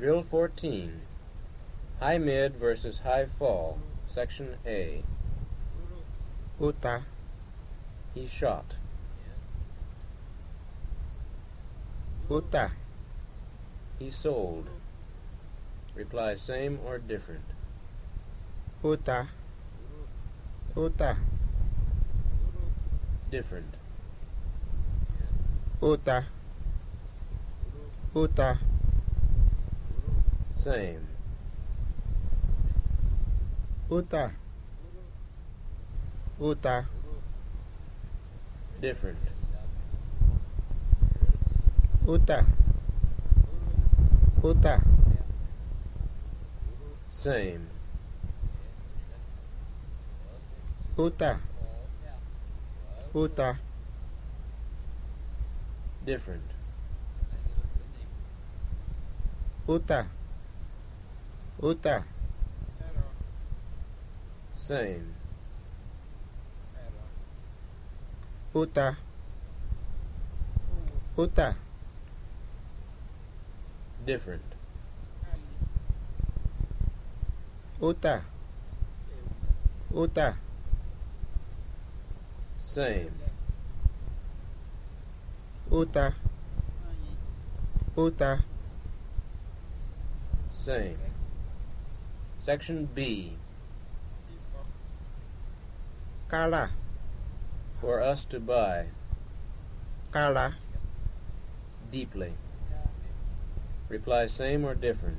Drill 14 High Mid versus High Fall, Section A. Uta. He shot. Uta. He sold. Reply same or different. Uta. Uta. Different. Uta. Uta same. Uta. Uta. Different. Uta. Uta. Same. Uta. Uta. Different. Uta. Uta. Same. Uta. Uta. Different. Uta. Uta. Same. Uta. Uta. Same. Section B. Kala. For us to buy. Kala. Deeply. Reply same or different.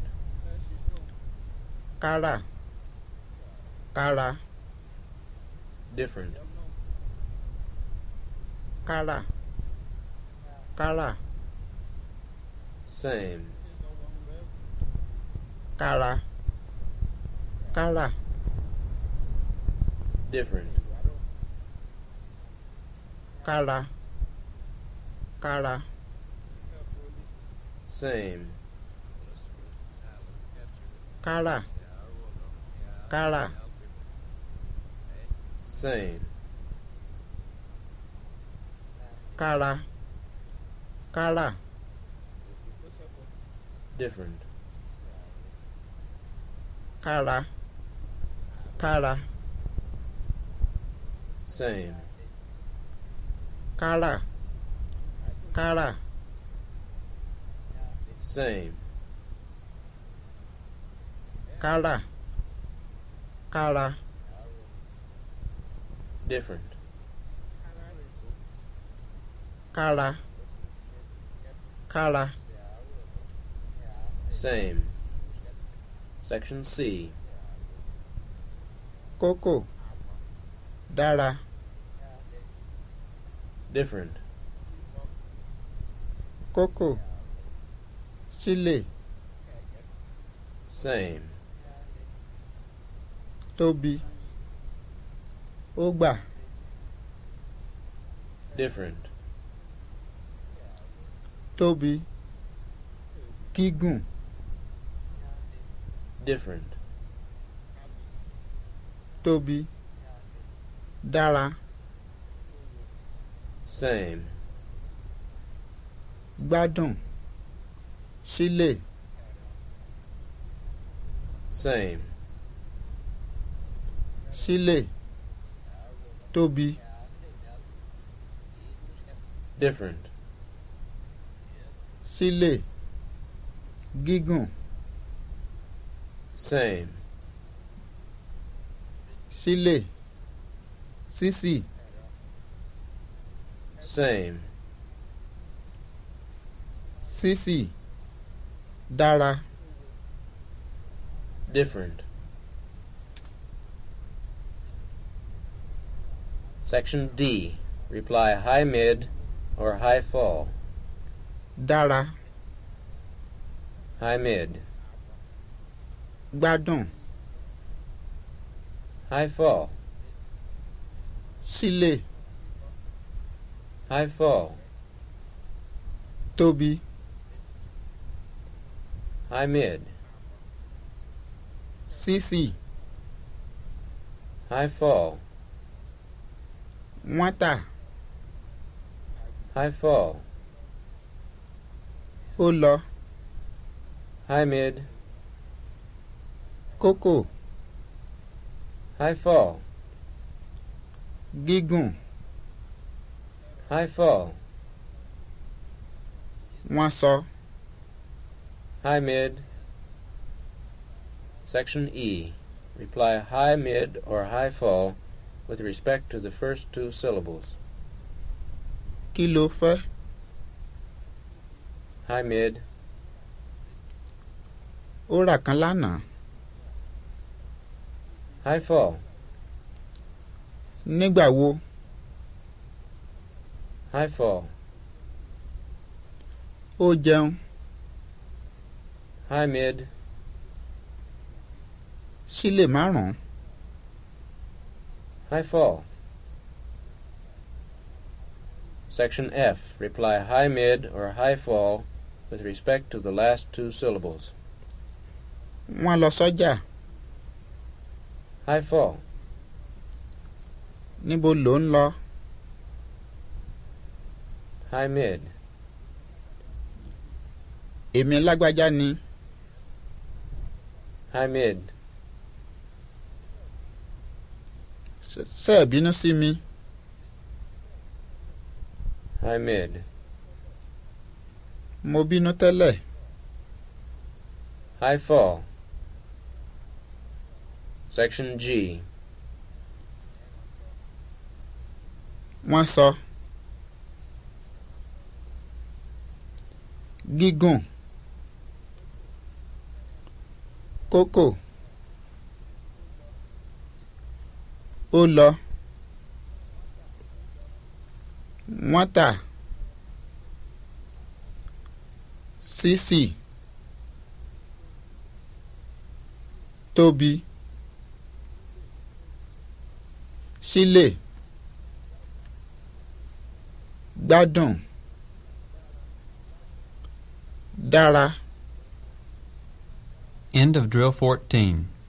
Kala. Kala. Different. Kala. Kala. Same. Kala. Color. Different. Color. Color. Same. Color. Color. Same. Color. Color. Different. Color. Kala. Same. Kala. Kala. Same. Kala. Kala. Different. Kala. Kala. Same. Section C. àkókò dára. different. kókò sílè. same. tóbi ó gbà. different. tóbi gígùn. different tóbi dára. same. gbádùn sílẹ̀. same. sílẹ̀ tóbi. different. sílẹ̀ gígùn. same. sílè sísì. same. sísì dára. different. Section D. Reply high mid or high fall. Dára. High mid. Gbádùn. High four. Sile. High four. Tóbi. High mid. Sísì. High four. Nwátà. High four. Ó High mid. Coco. high fall gígùn high fall wọ́n high mid section E reply high mid or high fall with respect to the first two syllables kí high mid Ora kalana. High four. Nígbà wo? High four. Ó jẹun. High mid. Sílè High four. Section F. Reply high mid or high fall with respect to the last two syllables. Wọ́n lọ sọ́jà. five four níbo lò ń lọ. mid. èmi lágbájá ni. Hamid. ṣé ẹ bínú sí mi. mid. mo bínú tẹ́lẹ̀. high four. Section G. Wọ́n sọ. Gígùn. Kókò. Ó lọ. Wọ́n tà. Sísì. Tóbi. sílè gbádùn dára. End of drill fourteen.